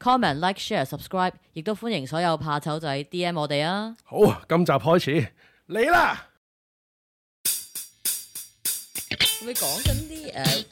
Comment like, share、Like、Share、Subscribe，亦都歡迎所有怕醜仔 DM 我哋啊！好，今集開始嚟啦。會講緊啲誒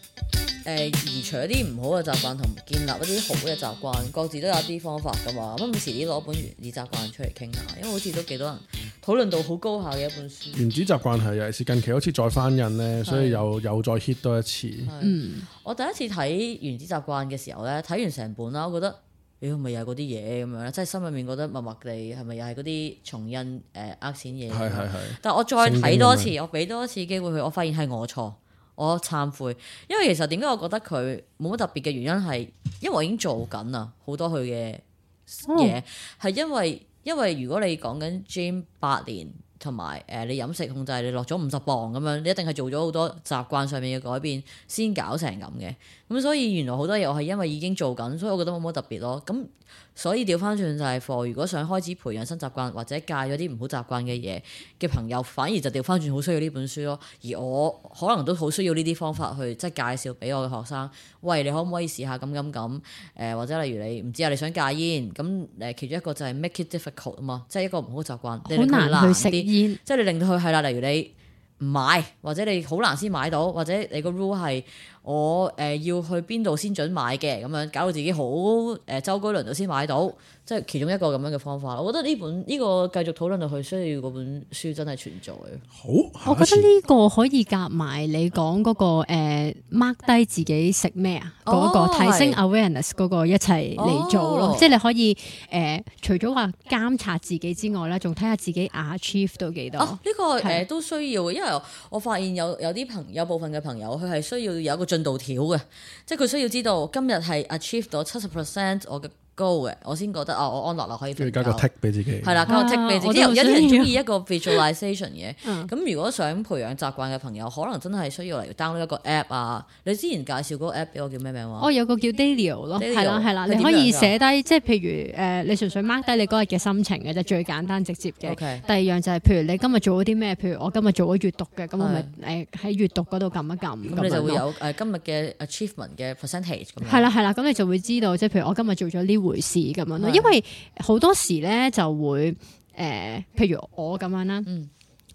誒，移除一啲唔好嘅習慣同建立一啲好嘅習慣，各自都有啲方法噶嘛。咁遲啲攞本《原子習慣》出嚟傾下，因為好似都幾多人討論到好高效嘅一本書。《原子習慣》係，尤其是近期好似再翻印咧，是所以又又再 hit 多一次。嗯，我第一次睇《原子習慣》嘅時候咧，睇完成本啦，我覺得。妖，咪、哎、又係嗰啲嘢咁樣啦，即係心入面覺得默默地，係咪又係嗰啲重印誒呃錢嘢？係係係。是是是，但係我再睇多次，我俾多次機會佢，我發現係我錯，我懺悔。因為其實點解我覺得佢冇乜特別嘅原因係，因為我已經做緊啦好多佢嘅嘢，係、哦、因為因為如果你講緊 gym 八年。同埋誒，你飲食控制，你落咗五十磅咁樣，你一定係做咗好多習慣上面嘅改變先搞成咁嘅。咁所以原來好多嘢我係因為已經做緊，所以我覺得冇乜特別咯。咁。所以調翻轉就係，如果想開始培養新習慣，或者戒咗啲唔好習慣嘅嘢嘅朋友，反而就調翻轉好需要呢本書咯。而我可能都好需要呢啲方法去，即係介紹俾我嘅學生。喂，你可唔可以試下咁咁咁？誒、呃，或者例如你唔知啊，你想戒煙咁誒，其中一個就係 make it difficult 啊嘛，即係一個唔好嘅習慣。好難去食煙，煙即係你令到佢係啦，例如你。唔買，或者你好難先買到，或者你個 rule 係我誒要去邊度先準買嘅咁樣，搞到自己好誒周居輪到先買到。即係其中一個咁樣嘅方法，我覺得呢本呢、呢個繼續討論落去，需要嗰本書真係存在。好，我覺得呢個可以夾埋你講嗰、嗰個 mark 低、呃、自己食咩啊嗰個提升 awareness 嗰是個一齊嚟做咯，哦、即係你可以誒、呃、除咗話監察自己之外咧，仲睇下自己 achieve 到幾多？哦、啊，呢、呢個誒都需要，是因為我發現有有啲朋友有部分嘅朋友，佢係需要有一個進度條嘅，即係佢需要知道今日係 achieve 到七十 percent 我嘅。高嘅，我先覺得啊，我安樂落可以。跟住加個 tick 俾自己。係啦，加個 tick 俾自己。有有啲人中意一個 visualisation 嘅。咁如果想培養習慣嘅朋友，可能真係需要嚟 download 一個 app 啊。你之前介紹嗰個 app 俾我叫咩名話？哦，有個叫 Daily 咯，係啦，係啦，你可以寫低，即係譬如誒你純粹 mark 低你嗰日嘅心情嘅啫，最簡單直接嘅。OK。第二樣就係譬如你今日做咗啲咩？譬如我今日做咗閱讀嘅，咁咪誒喺閱讀嗰度撳一撳，咁你就會有誒今日嘅 achievement 嘅 percentage。係啦，係啦，咁你就會知道，即係譬如我今日做咗呢。回事咁樣咯，因為好多時咧就會誒、呃，譬如我咁樣啦，嗯，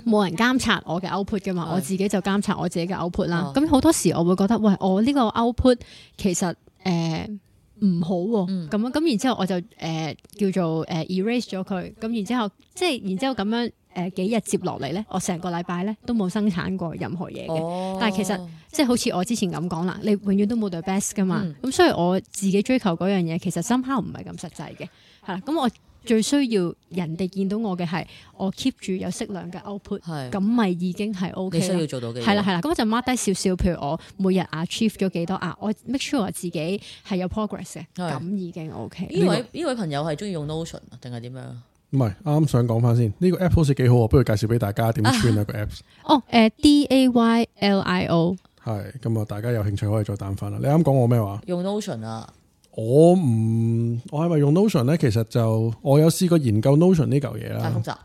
冇人監察我嘅 output 噶嘛，嗯、我自己就監察我自己嘅 output 啦。咁好、哦、多時我會覺得，喂，我呢個 output 其實誒唔、呃、好喎、啊，咁、嗯、樣咁然之後我就誒、呃、叫做誒、呃、erase 咗佢，咁然之後即係、就是、然之後咁樣。誒幾日接落嚟咧？我成個禮拜咧都冇生產過任何嘢嘅。哦、但係其實即係好似我之前咁講啦，你永遠都冇對 best 㗎嘛。咁、嗯、所以我自己追求嗰樣嘢其實 somehow 唔係咁實際嘅。係啦，咁我最需要人哋見到我嘅係我 keep 住有適量嘅 output，咁咪已經係 OK。你需要做到嘅係啦係啦，咁我就 mark 低少少。譬如我每日 achieve 咗幾多啊？我 make sure 我自己係有 progress 嘅，咁的已經 OK。呢位呢位朋友係中意用 Notion 定係點樣？唔係啱啱想講翻先，呢、這個 a p p 好似是幾好，不如介紹俾大家點串唉啊個 Apps。哦、啊，誒，D A Y L I O。係，咁啊，大家有興趣可以再彈翻啦。你啱講我咩話？用 Notion 啊。我唔，我係咪用 Notion 咧？其實就我有試過研究 Notion 呢嚿嘢啦。啊、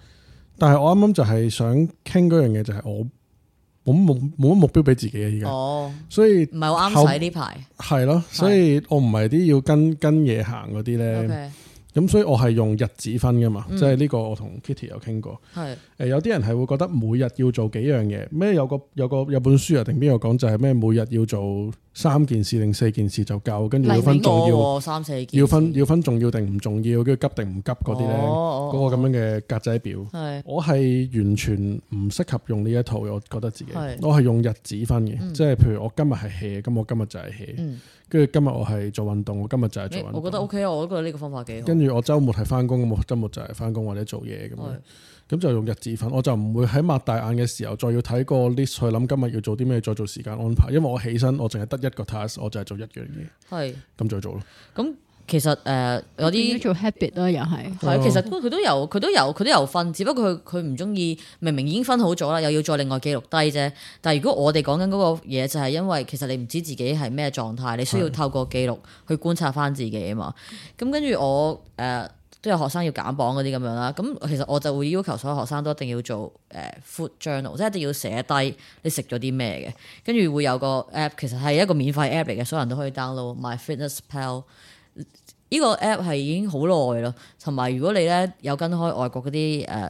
但係我啱啱就係想傾嗰樣嘢，就係、是、我冇冇冇乜目標俾自己啊！而家。哦。所以唔係好啱使呢排。係咯，所以我唔係啲要跟跟嘢行嗰啲咧。Okay. 咁所以我係用日子分噶嘛，嗯、即係呢個我同 Kitty 有傾過。係誒是、呃、有啲人係會覺得每日要做幾樣嘢，咩有個有個有本書啊，定邊個講就係、是、咩每日要做三件事定四件事就夠，跟住要分重要，三四件要分要分重要定唔重要，跟住急定唔急嗰啲咧，嗰、哦哦、個咁樣嘅格仔表。係是我係完全唔適合用呢一套，我覺得自己，是我係用日子分嘅，嗯、即係譬如我今日係 hea，咁我今日就係 hea。嗯跟住今日我係做運動，我今日就係做運動。我覺得 OK，我都覺得呢個方法幾好。跟住我周末係返工，咁我周末就係返工或者做嘢咁，咁就用日誌粉，我就唔會喺擘大眼嘅時候再要睇個 list 去諗今日要做啲咩，再做時間安排。因為我起身我淨係得一個 task，我就係做一樣嘢，係咁再做咯。其實誒、呃、有啲做 habit 啦，又係是係對其實佢都有佢都有佢都有分，只不過佢佢唔中意明明已經分好咗啦，又要再另外記錄低啫。但係如果我哋講緊嗰個嘢，就係、是、因為其實你唔知自己係咩狀態，你需要透過記錄去觀察翻自己啊嘛。咁對 跟住我誒、呃、都有學生要減磅嗰啲咁樣啦。咁其實我就會要求所有學生都一定要做誒 food journal，即係一定要寫低你食咗啲咩嘅。跟住會有個 app，其實係一個免費 app 嘅，所有人都可以 download My Fitness Pal。呢個 app 係已經好耐咯，同埋如果你咧有跟開外國嗰啲誒，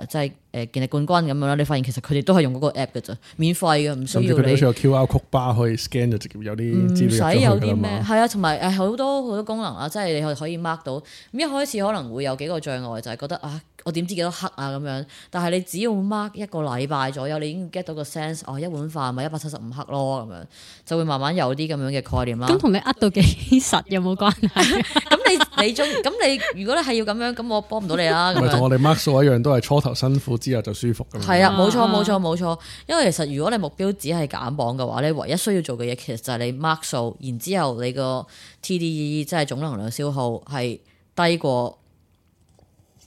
即係誒健力冠軍咁樣啦，你發現其實佢哋都係用嗰個 app 嘅啫，免費嘅，唔需要佢哋好似個 QR code 巴可以 scan 就直接有啲資料入去嘅啦嘛。係啊，同埋誒好多好多功能啊。即係你可以 mark 到。一開始可能會有幾個障礙，就係、是、覺得啊，我點知幾多克啊咁樣？但係你只要 mark 一個禮拜左右，你已經 get 到個 sense，哦一碗飯咪一百七十五克咯咁樣，就會慢慢有啲咁樣嘅概念啦。咁同你呃到幾實有冇關係？咁你？ 你中咁，你如果你係要咁樣，咁我幫唔到你啦。咪同 我哋 mark 數、er so、一樣，都係初頭辛苦，之後就舒服。係啊，冇、啊、錯冇錯冇錯。因為其實如果你目標只係減磅嘅話咧，你唯一需要做嘅嘢其實就係你 mark 數、er，so, 然之後你個 TDEE 即係總能量消耗係低過，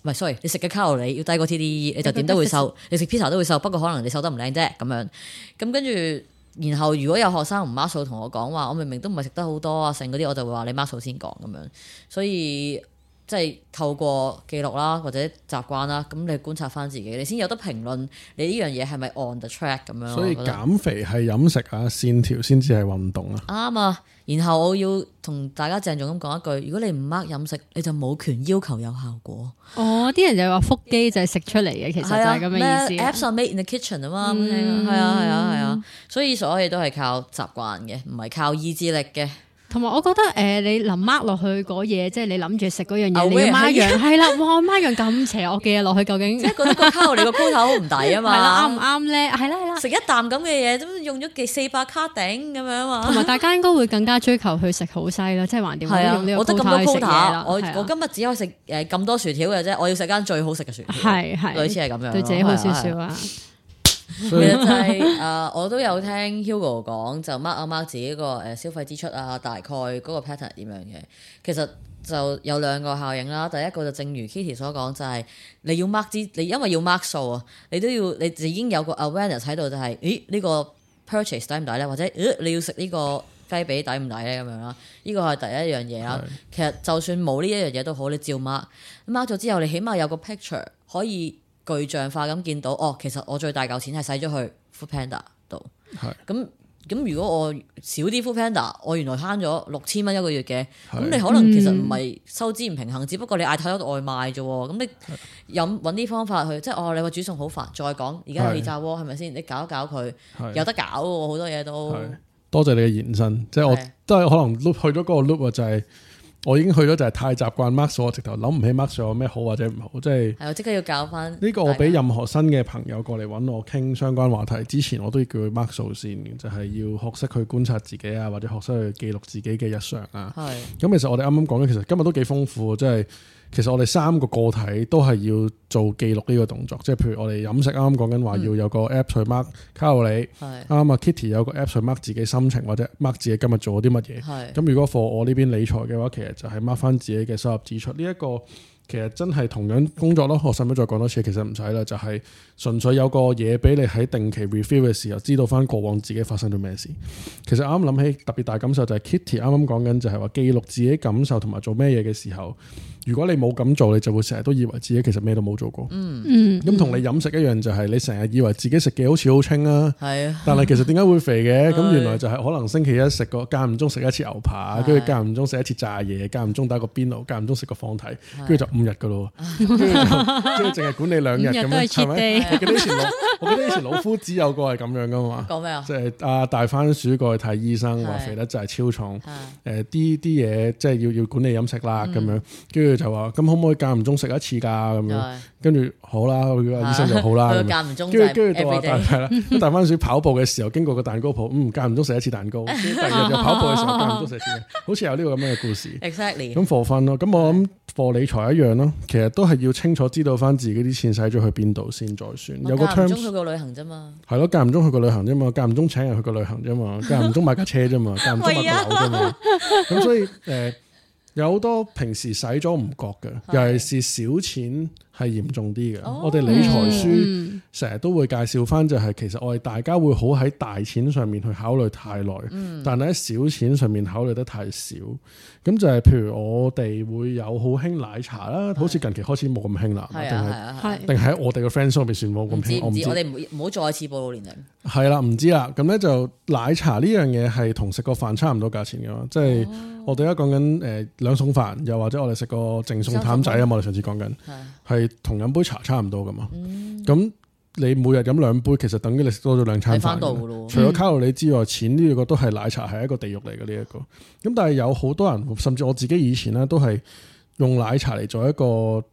唔係 sorry，你食嘅卡路里要低過 TDEE，你就點都會瘦。你食 pizza 都會瘦，不過可能你瘦得唔靚啫咁樣。咁跟住。然後如果有學生唔 mark 數同我講話，我明明都唔係食得好多啊，剩嗰啲，我就會話你 mark 數先講咁樣，所以。即係透過記錄啦，或者習慣啦，咁你觀察翻自己，你先有得評論你呢樣嘢係咪 on the track 咁樣。所以減肥係飲食啊，線條先至係運動啊。啱啊，然後我要同大家鄭重咁講一句：如果你唔 mark 飲食，你就冇權要求有效果。哦，啲人就話腹肌就係食出嚟嘅，其實就係咁嘅意思。Yeah, apps are made in the kitchen 啊嘛、嗯，係啊係啊係啊，所以所有嘢都係靠習慣嘅，唔係靠意志力嘅。同埋我覺得誒，你臨 mark 落去嗰嘢，即係你諗住食嗰樣嘢，你 mark 樣係啦，哇，mark 樣咁邪惡嘅嘢落去，究竟即係覺得個卡你個鋪頭好唔抵啊嘛？係啦，啱唔啱咧？係啦係啦，食一啖咁嘅嘢，都用咗幾四百卡頂咁樣啊。同埋大家應該會更加追求去食好西啦，即係橫掂我都用呢個鋪頭去食嘢啦。我今日只可以食誒咁多薯條嘅啫，我要食間最好食嘅薯條，係係類似係咁樣，對自己好少少啊。其實就係啊，我都有聽 Hugo 講，就 mark 啊 mark 自己個誒消費支出啊，大概嗰個 pattern 點樣嘅。其實就有兩個效應啦。第一個就正如 Kitty 所講，就係、是、你要 mark 啲，你因為要 mark 數啊，你都要你已經有個 awareness 喺度、就是，就係咦，這個、呢個 purchase 抵唔抵咧，或者誒、呃、你要食呢個雞髀抵唔抵咧咁樣啦。呢、這個係第一樣嘢啦。是的 其實就算冇呢一樣嘢都好，你照 mark。mark 咗之後，你起碼有個 picture 可以。具象化咁見到，哦，其實我最大嚿錢係使咗去 Foodpanda 度，咁咁是如果我少啲 Foodpanda，我原來慳咗六千蚊一個月嘅，咁是你可能其實唔係收支唔平衡，嗯、只不過你嗌太多外賣啫，咁你飲揾啲方法去，即係哦，你話煮餸好煩，再講而家氣炸鍋係咪先？你搞一搞佢是有得搞喎，好多嘢都。多謝你嘅延伸，即係我都係是可能去咗嗰個 loop 就係、是。我已經去咗就係太習慣 mark 數我直頭諗唔起 mark 數有咩好或者唔好，即係。係我即刻要搞翻呢個，我俾任何新嘅朋友過嚟揾我傾相關話題之前，我都要叫佢 mark 數先，就係要學識去觀察自己啊，或者學識去記錄自己嘅日常啊。係。咁其實我哋啱啱講嘅其實今日都幾豐富，即係。其實我哋三個個體都係要做記錄呢個動作，即係譬如我哋飲食啱啱講緊話要有個 app 去 mark 卡路里，啱啊啱啱係！Kitty 有個 app 去 mark 自己心情或者 mark 自己今日做咗啲乜嘢，咁係如果 for 我呢邊理財嘅話，其實就係 mark 翻自己嘅收入支出，呢一個其實真係同樣工作咯。我使唔使再講多次？其實唔使啦，就係。純粹有個嘢俾你喺定期 review 嘅時候，知道翻過往自己發生咗咩事。其實啱啱諗起特別大感受就係 Kitty 啱啱講緊就係話記錄自己感受同埋做咩嘢嘅時候，如果你冇咁做，你就會成日都以為自己其實咩都冇做過。嗯嗯。咁同你飲食一樣，就係你成日以為自己食嘅好似好清啦。係啊。但係其實點解會肥嘅？咁原來就係可能星期一食個間唔中食一次牛扒，跟住間唔中食一次炸嘢，間唔中打個邊爐，間唔中食個放題，跟住就五日噶咯。哈哈哈哈，淨係管理兩日咁樣。我記得以前我我記得以前老夫子有個係咁樣噶嘛，講咩啊？即係阿大番薯過去睇醫生，話肥得真係超重。誒，啲啲嘢即係要要管理飲食啦，咁樣。跟住就話咁可唔可以間唔中食一次噶？咁樣跟住好啦，佢個醫生就好啦。間唔中。跟住跟住到阿大番薯跑步嘅時候，經過個蛋糕鋪，嗯，間唔中食一次蛋糕。第二日又跑步嘅時候，間唔中食一次，好似有呢個咁樣嘅故事。Exactly。咁破分咯，咁我諗。貨理財一樣咯，其實都係要清楚知道翻自己啲錢使咗去邊度先再算。有間唔中去過旅行啫嘛，係咯，間唔中去過旅行啫嘛，間唔中請人去過旅行啫嘛，間唔 中買架車啫嘛，間唔中買個樓啫嘛。咁 所以誒、呃，有好多平時使咗唔覺嘅，尤其 是小錢。係嚴重啲嘅，我哋理財書成日都會介紹返，就係其實我哋大家會好喺大錢上面去考慮太耐，但係喺小錢上面考慮得太少。咁就係譬如我哋會有好興奶茶啦，好似近期開始冇咁興啦，定係定我哋嘅 friends 上面先冇咁興。唔唔知，我哋唔好再次暴露年齡。係啦，唔知啦。咁咧就奶茶呢樣嘢係同食個飯差唔多價錢嘅，即係我哋而家講緊誒兩餸飯，又或者我哋食個淨餸譚仔啊！我哋上次講緊係。同飲杯茶差唔多噶嘛，咁、嗯、你每日飲兩杯，其實等於你食多咗兩餐飯。翻到除咗卡路里之外，錢呢、嗯、個都係奶茶係一個地獄嚟嘅呢一個。咁但係有好多人，甚至我自己以前咧都係用奶茶嚟做一個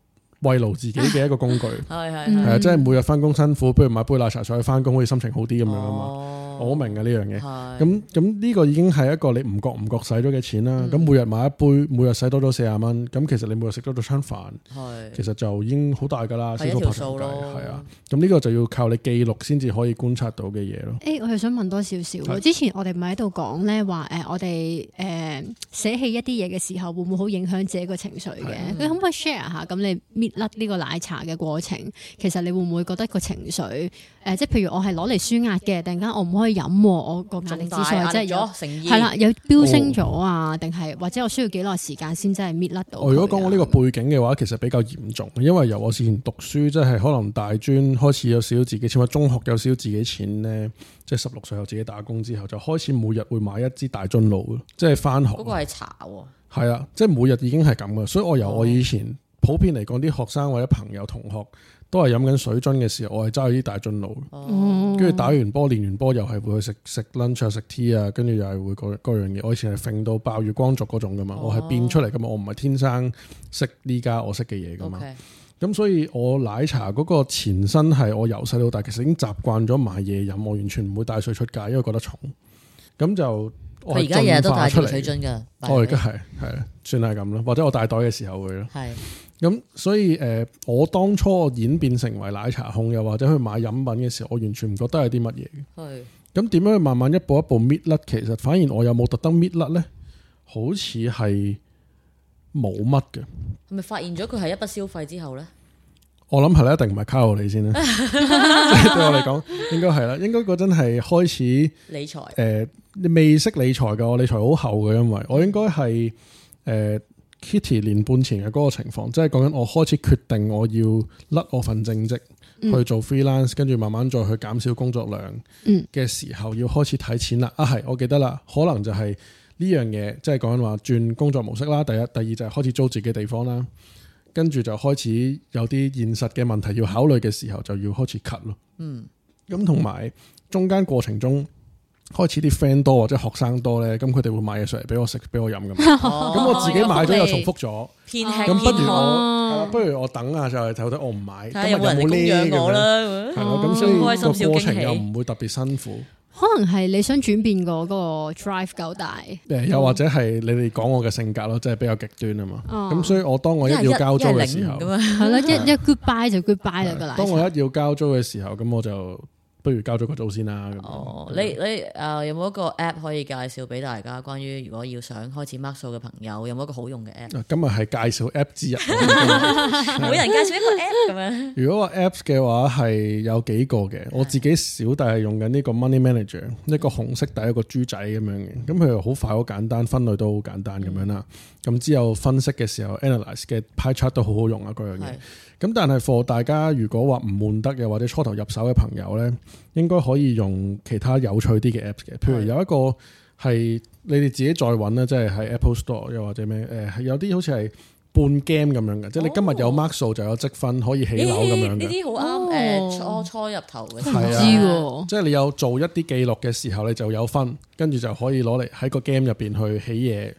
慰勞自己嘅一個工具。係係係，即係每日翻工辛苦，不、嗯、如買杯奶茶上去翻工，可以心情好啲咁樣啊嘛。哦我明嘅呢是樣嘢，咁咁呢個已經係一個你唔覺唔覺使咗嘅錢啦。咁、嗯、每日買一杯，每日使多咗四十蚊，咁其實你每日食多咗餐飯，是其實就已經好大㗎喇。睇條數啊，咁呢個就要靠你記錄先至可以觀察到嘅嘢咯。我係想問多少少，是之前我哋咪喺度講咧話誒，我哋誒、呃、寫起一啲嘢嘅時候，會唔會好影響自己嘅情緒嘅？你的、嗯、可唔可以 share 下咁你搣甩呢個奶茶嘅過程？其實你會唔會覺得個情緒即係、呃、譬如我係攞嚟舒壓嘅，突然間我唔可以。飲，我個壓力指數即係，係啦衣，有飆升咗啊？定係、哦、或者我需要幾耐時間先真係搣甩到？如果講我呢個背景嘅話，其實比較嚴重，因為由我以前讀書，即係可能大專開始有少少自己，起碼中學有少少自己錢咧，即係十六歲有自己打工之後，就開始每日會買一支大樽露，即係返學。嗰個係茶。係啊，即係每日已經係咁噶，所以我由我以前。哦普遍嚟講，啲學生或者朋友同學都係飲緊水樽嘅時候，我係揸住啲大樽佬，跟住、哦、打完波、練完波，又係會去食食 lunch 啊、食 tea 啊，跟住又係會嗰嗰樣嘢。我以前係揈到爆月光族嗰種噶嘛、哦，我係變出嚟噶嘛，我唔係天生識呢家我識嘅嘢噶嘛。咁、哦、所以，我奶茶嗰個前身係我由細到大其實已經習慣咗買嘢飲，我完全唔會帶水出街，因為覺得重。咁就佢而家日日都帶住水樽噶，我而家係係算係咁咯，或者我帶袋嘅時候會咯。咁所以誒、呃，我當初演變成為奶茶控，又或者去買飲品嘅時候，我完全唔覺得係啲乜嘢嘅。係是。咁點樣去慢慢一步一步搣甩？其實反而我有冇特登搣甩咧？好似係冇乜嘅。係咪發現咗佢係一筆消費之後咧？我諗係咧，一定唔係卡路里先啦。 即係對我嚟講，應該係啦。應該嗰陣係開始理財。誒、呃，未識理財嘅我理財好後嘅，因為我應該係誒。呃 Kitty 年半前嘅嗰個情況，即係講緊我開始決定我要甩我份正職去做 freelance，跟住、嗯、慢慢再去減少工作量嘅時候，嗯、要開始睇錢啦。啊係，我記得啦，可能就係呢樣嘢，即係講緊話轉工作模式啦。第一、第二就係開始租自己地方啦，跟住就開始有啲現實嘅問題要考慮嘅時候，就要開始 cut 咯。嗯，咁同埋中間過程中。開始啲 friend 多或者學生多咧，咁佢哋會買嘢上嚟俾我食，俾我飲咁。咁我自己買咗又重複咗。偏咁不如我不如我等下就係睇睇我唔買。今日有冇人供養我啦。係咯，咁所以個過程又唔會特別辛苦。可能係你想轉變個嗰個 drive 夠大。又或者係你哋講我嘅性格咯，即係比較極端啊嘛。咁所以我當我一要交租嘅時候，係咯，一一 good bye 就 good bye 啦。當我一要交租嘅時候，咁我就。不如交咗個租先啦、啊。哦，吧你你誒、呃、有冇一個 app 可以介紹俾大家？關於如果要想開始 mark 數嘅朋友，有冇一個好用嘅 app？今日係介紹 app 之一，每人介紹一個 app 嘅咩？如果 APP 話 apps 嘅話係有幾個嘅， 我自己小弟係用緊呢個 Money Manager，的一個紅色底一個豬仔咁樣嘅，咁佢又好快好簡單，分類都好簡單咁樣啦。嗯咁之後分析嘅時候，analyse 嘅 pie chart 都好好用啊！嗰樣嘢。咁是但係 for 大家如果話唔悶得嘅，或者初頭入手嘅朋友咧，應該可以用其他有趣啲嘅 apps 嘅。譬如有一個係是你哋自己再揾啦，即係喺 Apple Store 又或者咩？誒、呃、有啲好似係半 game 咁樣嘅，哦、即係你今日有 mark 數就有積分可以起樓咁樣嘅。呢啲好啱誒，初初入頭嘅係啊！即、就、係、是、你有做一啲記錄嘅時候，你就有分，跟住就可以攞嚟喺個 game 入邊去起嘢。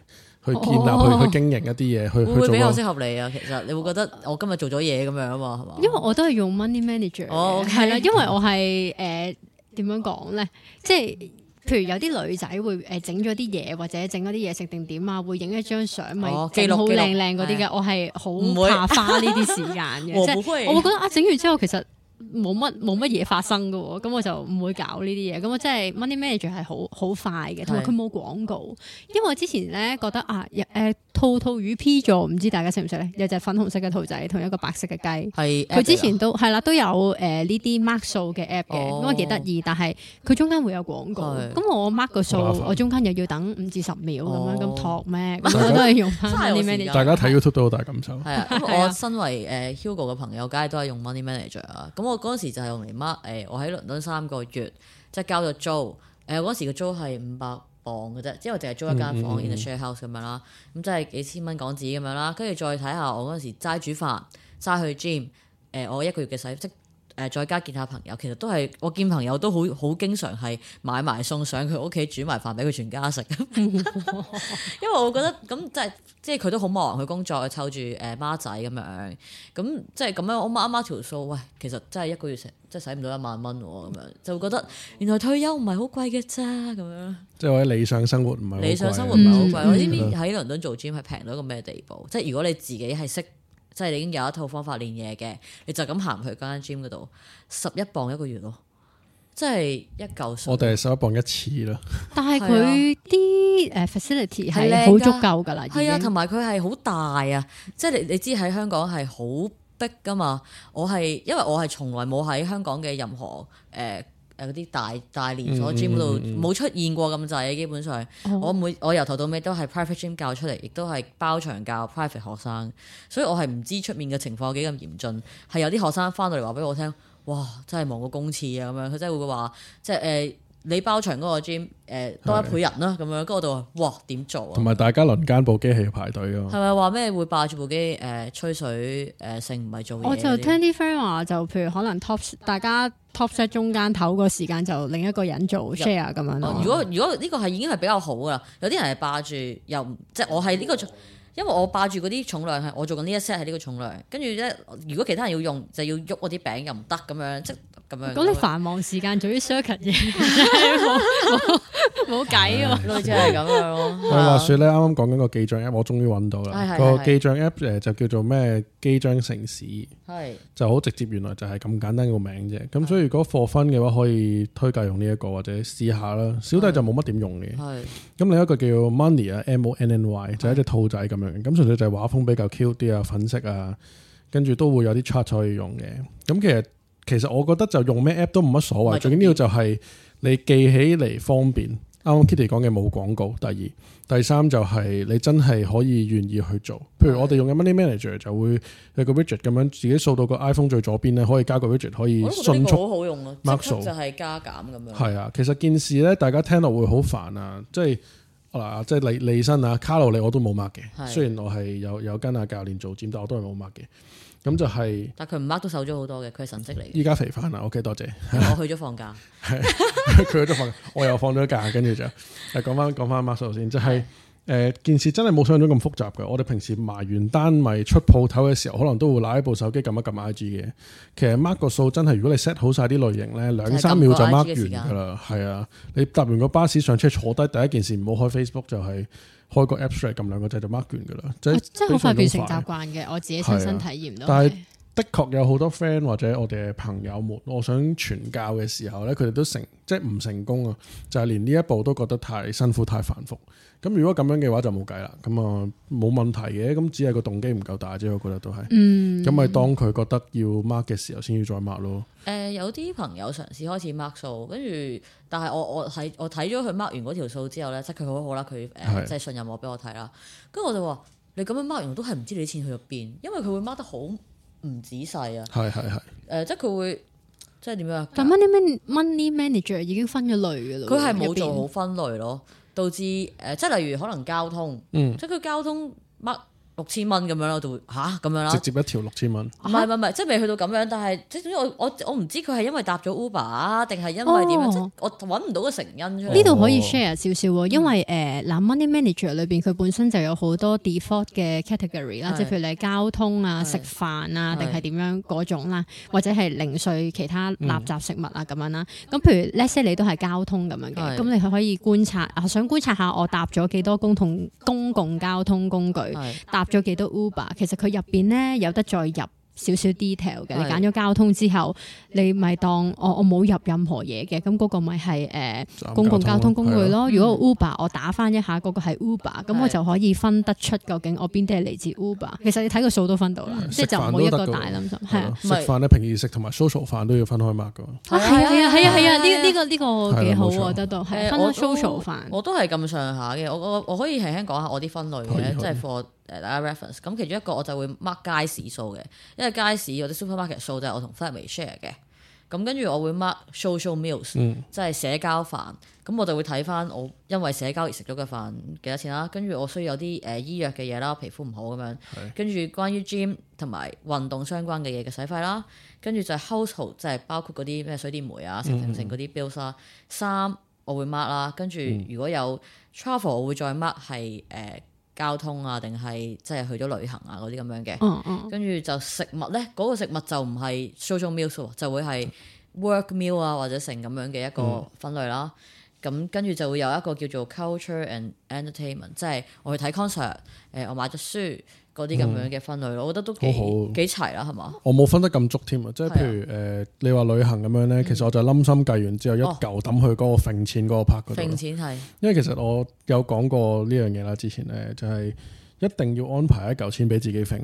去建立佢、哦、去經營一啲嘢，去做，會比較適合你啊！其實你會覺得我今日做咗嘢咁樣啊嘛，係嘛、哦 okay？因為我都係用 Money Manager 哦，係、呃、啦，因為我係誒點樣講咧？即係譬如有啲女仔會誒整咗啲嘢，或者整嗰啲嘢食定點啊，會影一張相咪記錄好靚靚嗰啲嘅，我係好怕花呢啲時間嘅，即係我會覺得啊，整完之後其實。冇乜冇乜嘢發生㗎喎，咁我就唔會搞呢啲嘢。咁我真係 money manager 係好好快嘅，同埋佢冇廣告。是因為我之前咧覺得啊，誒兔兔與 P 助，唔知大家識唔識咧？有隻粉紅色嘅兔仔同一個白色嘅雞。佢是 app 之前都係、啊、啦，都有誒呢啲 mark 數嘅 app 嘅、哦，咁幾得意。但係佢中間會有廣告，咁是我 mark 個數，煩我中間又要等五至十秒咁、哦、樣，咁託咩？我都係用 m 大家睇 YouTube 都好大感受。 啊、我身為誒 Hugo 嘅朋友，梗係都係用 money manager 啦。我嗰陣時就係用嚟 mark？誒，我喺倫敦三個月，即係交咗租。誒，嗰時嘅租係五百磅嘅啫，因為我淨係租一間房，然後 share house 咁樣啦。咁、hmm。即係幾千蚊港紙咁樣啦。跟住再睇下我嗰陣時齋煮飯、齋去 gym。誒，我一個月嘅使即。誒，再加見下朋友，其實都係我見朋友都好好，經常係買埋餸上佢屋企煮埋飯俾佢全家食。 因為我覺得咁即係，即係佢都好忙，去工作湊住誒孖仔咁樣。咁即係咁樣我孖孖條數，喂，其實真係一個月成即係使唔到一萬蚊咁樣，就覺得原來退休唔係好貴嘅啫咁樣。即係我啲理想生活唔係，理想生活唔係好貴。嗯、我呢邊喺倫敦做 gym 係平到一個咩地步？即係如果你自己係識。即係你已經有一套方法練嘢嘅，你就咁行去間 gym 嗰度，十一磅一個月咯，即係一嚿水。我哋係十一磅一次咯。但係佢啲誒 facility 係好足夠噶啦，係啊，同埋佢係好大啊！即係你你知喺香港係好逼噶嘛？我係因為我係從來冇喺香港嘅任何誒。呃誒嗰啲大大連鎖 gym 度冇出現過咁滯，基本上、嗯嗯、我每我由頭到尾都係 private gym 教出嚟，亦都係包場教 private 學生，所以我係唔知出面嘅情況有幾咁嚴峻，係有啲學生翻到嚟話俾我聽，哇！真係忙過公廁啊咁樣，佢真係會話即係誒。呃你包場嗰個 gym，誒、呃、多一倍人啦，咁是樣，跟住我話，哇，點做啊？同埋大家輪間部機器要排隊㗎、啊、嘛？係咪話咩會霸住部機誒、呃、吹水誒、呃、成唔係做嘢？我就聽啲 friend 話就譬如可能 top，大家 top set 中間唞個時間就另一個人做 share 咁、嗯、樣咯。如果如果呢個係已經係比較好噶啦，有啲人係霸住又即係我係呢、這個，因為我霸住嗰啲重量係我做緊呢一 set 係呢個重量，跟住咧如果其他人要用就要喐我啲餅又唔得咁樣，即。即咁樣，咁繁忙時間做啲 search 嘅嘢，冇冇計啊！類似係咁樣咯。我話說咧，啱啱講緊個記賬 app，我終於搵到啦。個記賬 app 誒，就叫做咩？記賬城市就好直接，原來就係咁簡單個名啫。咁所以如果貨分嘅話，可以推介用呢一個或者試下啦。小弟就冇乜點用嘅。咁，另一個叫 Money 啊，M O N N Y，就係一隻兔仔咁樣。咁純粹就係畫風比較 cute 啲啊，粉色啊，跟住都會有啲 chart 可以用嘅。咁其實。其實我覺得就用咩 app 都冇乜所謂，是最緊要就係你記起嚟方便。啱啱 Kitty 講嘅冇廣告，第二、第三就係你真係可以願意去做。是的 譬如我哋用 Money Manager 就會有個 widget 咁樣，自己掃到個 iPhone 最左邊咧，可以加個 widget，可以迅速。好用啊，就係加減咁樣。係啊，其實件事咧，大家聽落會好煩啊，即係嗱，即係理理身啊，卡路里我都冇 mark 嘅。是的 雖然我係有有跟阿教練做，但我都係冇 mark 嘅。咁就係、是，但佢唔 mark 都瘦咗好多嘅，佢係神跡嚟。嘅，依家肥翻啦，OK，多謝。 我去咗放假，係佢 去咗放假，我又放咗假，跟住 就，誒講翻講翻，mark 數先，即、就、係、是。 誒、啊、件事真係冇想象中咁複雜嘅，我哋平時埋完單咪出鋪頭嘅時候，可能都會攞一部手機撳一撳 IG 嘅。其實 mark 個數真係，如果你 set 好晒啲類型咧，兩三秒就 mark 完㗎啦。係啊，你搭完個巴士上車坐低，第一件事唔好開 Facebook 就係開個 app shake 撳兩個掣就 mark 完㗎啦。即係好快變成習慣嘅，我自己親身體,、啊、體驗咯。但的確有好多 friend 或者我哋嘅朋友們，我想傳教嘅時候咧，佢哋都成即係唔成功啊，就係、是、連呢一步都覺得太辛苦、太繁複。咁如果咁樣嘅話就冇計啦。咁啊冇問題嘅，咁只係個動機唔夠大啫。我覺得都係。嗯。咁咪當佢覺得要 mark 嘅時候，先要再 mark 咯。誒、呃，有啲朋友嘗試開始 mark 數，跟住，但係我我睇我睇咗佢 mark 完嗰條數之後咧，即係佢好好啦，佢誒即係信任我俾我睇啦。跟住是我就話：你咁樣 mark 完都係唔知你啲錢去咗邊，因為佢會 mark 得好。唔仔細啊，係係係，誒，即係佢會，即係點樣？但 money man money manager 已經分咗類噶啦，佢係冇做好分類咯，導致誒、呃，即係例如可能交通，嗯，即係佢交通乜。六千蚊咁樣啦，就會嚇咁樣啦，直接一條六千蚊。唔係唔係，即係未去到咁樣，但係即係總之我我我唔知佢係因為搭咗 Uber 定係因為點咯？我揾唔到個成因。呢度可以 share 少少喎，因為誒嗱 Money Manager 裏邊佢本身就有好多 default 嘅 category 啦，即係譬如你交通啊、食飯啊，定係點樣嗰種啦，或者係零碎其他垃圾食物啊咁樣啦。咁譬如呢些你都係交通咁樣嘅，咁你可以觀察，想觀察下我搭咗幾多公同公共交通工具搭咗幾多 Uber？其實佢入邊咧有得再入少少 detail 嘅。你揀咗交通之後，你咪當我我冇入任何嘢嘅，咁、嗰、嗰個咪係誒公共交通工具咯。嗯、如果 Uber，我打翻一下嗰個係 Uber，咁我就可以分得出究竟我邊啲係嚟自 Uber。其實你睇個數都分到啦，對即係就好一個大啦，係啊。食飯咧，平時食同埋 social 飯都要分開 mark 㗎。 啊係啊係啊係啊！呢呢、呢個呢、呢個幾好，我得到係分 social 飯。我都係咁上下嘅。我我可以係先講下我啲分類咧，即係 for 誒大家 reference 咁，其中一個我就會 mark 街市數嘅，因為街市或者 supermarket 數就係我同 Flatmate share 嘅。咁跟住我會 mark social meals，即係社交飯。咁我就會睇返我因為社交而食咗嘅飯幾多錢啦。跟住我需要有啲誒醫藥嘅嘢啦，皮膚唔好咁樣。是跟住關於 gym 同埋運動相關嘅嘢嘅使費啦。跟住就係 household，即係包括嗰啲咩水電煤啊，成成成嗰啲 bills 啦。衫，我會 mark 啦。跟住如果有 travel，我會再 mark 係。誒、呃。交通啊，定係即係去咗旅行啊，嗰啲咁樣嘅，跟住 就食物咧，嗰、嗰個食物就唔係 social meal，就就會係 work meal 啊，或者成咁樣嘅一個分類啦。咁跟住就會有一個叫做 culture and entertainment，即係我去睇 concert，誒，我買咗書。嗰啲咁樣嘅分類咯，嗯、我覺得都幾，好好幾齊啦，係嘛？我冇分得咁足添啊！即係譬如誒的、呃，你話旅行咁樣咧，其實我就冧心計完之後一嚿抌去嗰個揈錢嗰個 p a 度。揈錢、哦、因為其實我有講過呢樣嘢啦，之前咧就係一定要安排一嚿錢俾自己揈。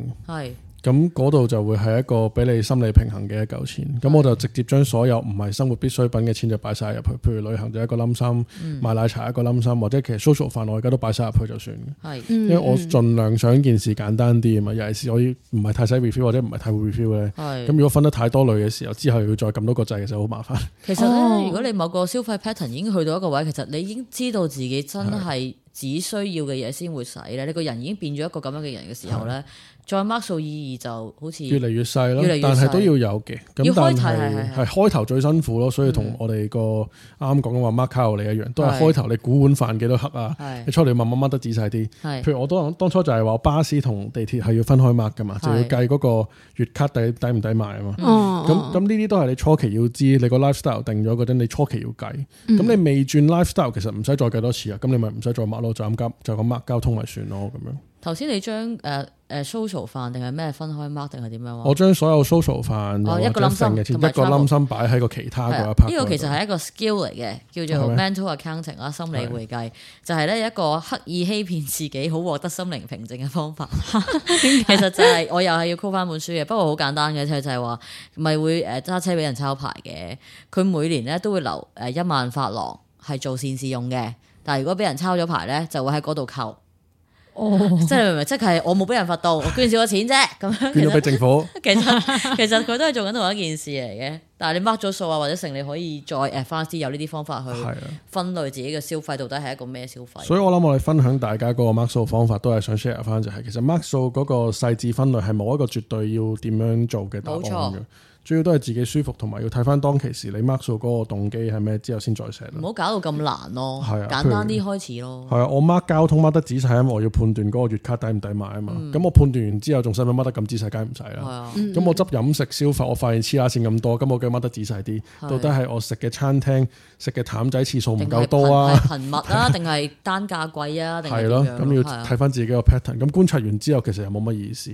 咁嗰度就會係一個俾你心理平衡嘅一嚿錢，咁是我就直接將所有唔係生活必需品嘅錢就擺晒入去，譬如旅行就一個冧心，嗯、買奶茶一個冧心，或者其實 social 飯我而家都擺晒入去就算。係是，因為我儘量想件事簡單啲啊嘛，尤其是我要唔係太使 review 或者唔係太會 review 咧。係是。咁如果分得太多類嘅時候，之後要再撳多個掣其實好麻煩。其實咧，如果你某個消費 pattern 已經去到一個位，其實你已經知道自己真係。只需要嘅嘢先會使咧，你個人已經變咗一個咁樣嘅人嘅時候咧，再 mark 數意義就好似越嚟越細啦，但係都要有嘅。要開頭係開頭最辛苦咯，所以同我哋個啱啱講緊嘅話 mark 卡路里一樣，都係開頭你估碗飯幾多克啊？你初嚟要慢慢 mark 得仔細啲。譬如我當當初就係話巴士同地鐵係要分開 mark 噶嘛，就要計嗰個月卡抵抵唔抵買啊嘛。咁咁呢啲都係你初期要知，你個 lifestyle 定咗嗰陣，你初期要計。咁你未轉 lifestyle，其實唔使再計多次啊。咁你咪唔使再 mark。就咁交就咁 mark 交通咪算咯咁樣。頭先你將誒誒 social 飯定係咩分開 mark 定係點樣？我將所有 social 飯、哦、我一個冧嘅，Justin 和 一個冧心擺喺個其他嗰一 part。呢、呢個其實係一個 skill 嚟嘅，叫做 mental accounting 啦，心理會計，的就係呢一個刻意欺騙自己，好獲得心靈平靜嘅方法。 其實就係、是、我又係要 call 翻本書嘅，不過好簡單嘅，就係話咪會誒揸車俾人抄牌嘅。佢每年呢都會留誒一萬法郎係做善事用嘅。但係如果俾人抄咗牌咧，就會喺嗰度扣。哦，oh. 即係咪即係我冇俾人罰到，我捐少咗錢啫咁樣。捐俾政府。其實其實佢都係做緊同一件事嚟嘅，但係你 mark 咗數啊，或者成你可以再誒翻啲有呢啲方法去分類自己嘅消費，到底係一個咩消費。所以我諗我哋分享大家嗰個 mark 數、so、方法，都係想 share 翻就係、是，其實 mark 數嗰、so、個細致分類係冇一個絕對要點樣做嘅答案嘅。主要都係自己舒服，同埋要睇翻當其時你 mark 數嗰個動機係咩之後先再寫。唔好搞到咁難咯，係啊，簡單啲開始咯。係啊，我 mark 交通 mark 得仔細，因為我要判斷嗰個月卡抵唔抵買啊嘛。咁、嗯、我判斷完之後，仲使唔 mark 得咁仔細？梗唔使啦。咁、啊、我執飲食消費，我發現黐下線咁多，咁我梗 mark 得仔細啲，啊、到底係我食嘅餐廳食嘅淡仔次數唔夠多啊？頻密啊，定係 單價貴啊？定係咯，咁、啊、要睇翻自己個 pattern。咁、啊、觀察完之後，其實又冇乜意思。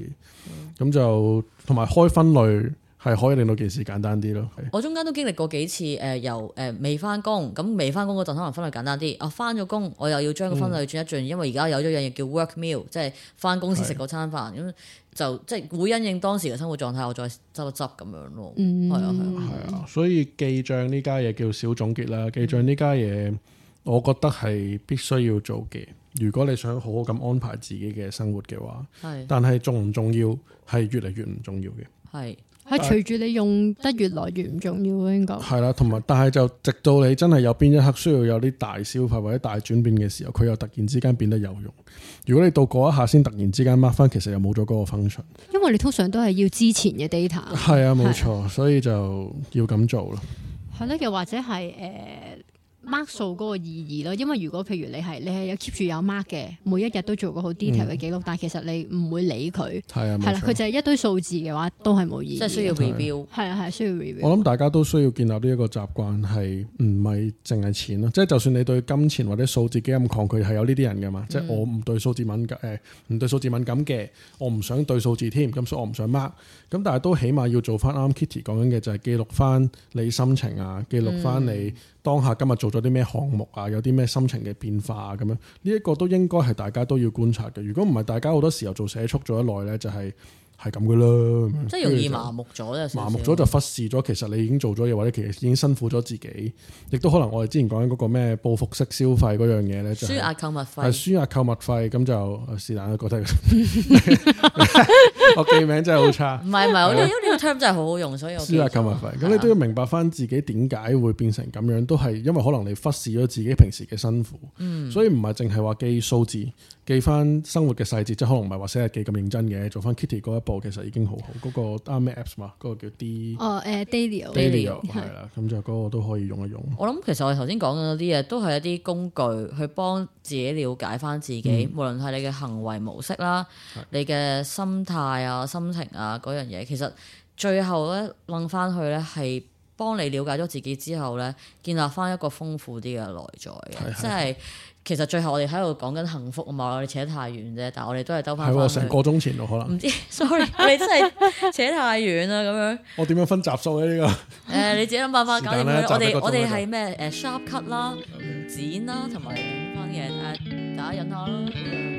咁、啊、就同埋開分類。係可以令到件事簡單啲咯。我中間都經歷過幾次誒，由、呃、誒、呃、未翻工咁未翻工嗰陣，可能分類簡單啲。啊，翻咗工我又要將個分類轉一轉，嗯、因為而家有咗樣嘢叫 work meal，即係翻工時食嗰餐飯咁是，就即、是、係會因應當時嘅生活狀態，我再執一執咁樣咯。係、嗯、啊，係啊，係啊、嗯。所以記帳呢家嘢叫小總結啦。記帳呢家嘢，我覺得係必須要做嘅。如果你想好好咁安排自己嘅生活嘅話，是但係重唔重要係越嚟越唔重要嘅。係是。係隨住你用得越來越唔重要咯，應該係啦，同埋但係就直到你真係有邊一刻需要有啲大消費或者大轉變嘅時候，佢又突然之間變得有用。如果你到嗰一下先突然之間 mark 翻，其實又冇咗嗰個 function。因為你通常都係要之前嘅 data。係啊，冇錯，的所以就要咁做咯。係咧，又或者係誒。呃 mark 數嗰個意義咯，因為如果譬如你係你係有 keep 住有 mark 嘅，每一日都做過好 detail 嘅記錄，嗯、但係其實你唔會理佢，係啦的，佢就係一堆數字嘅話都係冇意義，即係需要 review 係啊係需要 review 我諗大家都需要建立呢一個習慣，係唔係淨係錢咯？即係就算你對金錢或者數字幾咁抗拒，係有呢啲人噶嘛？嗯、即係我唔對數字敏誒，唔對數字敏感嘅，我唔想對數字添，咁所以我唔想 mark。咁但係都起碼要做翻啱 Kitty 講緊嘅，就係、是、記錄翻你心情啊，記錄翻你。當下今日做咗啲咩項目啊？有啲咩心情嘅變化啊？咁樣呢一、這個都應該係大家都要觀察嘅。如果唔係，大家好多時候做社畜做得耐咧，就係、是。係咁嘅啦，即係容易麻木咗，麻木咗就忽視咗，其實你已經做咗嘢，或者其實已經辛苦咗自己，亦都可能我哋之前講緊嗰個咩報復式消費嗰樣嘢咧，舒壓購物費係舒壓購物費，咁就是但覺得 我記名真係好差。唔係唔係，我吧因為呢個 term 真係好好用，所以我舒壓購物費。咁吧你都要明白返自己點解會變成咁樣，都係因為可能你忽視咗自己平時嘅辛苦。嗯，所以唔係淨係話記數字。記翻生活嘅細節，即係可能唔係話寫日記咁認真嘅，做翻 Kitty 嗰一步，其實已經好好。嗰個啱咩 apps 嘛？嗰個叫啲哦誒 Daylio，Daylio 係啦，咁就嗰個都可以用一用。我諗其實我哋頭先講嘅嗰啲嘢，都係一啲工具去幫自己了解翻自己，無論係你嘅行為模式啦，你嘅心態啊、心情啊嗰樣嘢，其實最後咧，掹翻去咧，係幫你了解咗自己之後咧，建立翻一個豐富啲嘅內在嘅，即係。其實最後我哋喺度講緊幸福啊嘛，我哋扯得太遠啫。但係我哋都係兜翻翻。係我成個鐘前咯，可能。唔知，sorry，我哋真係扯太遠啦咁樣。 我點樣分集數咧？呢個。誒，你自己諗辦法搞。搞掂咧，我哋我哋係咩？誒，sharp cut 啦，剪啦，同埋整翻嘅誒打下號。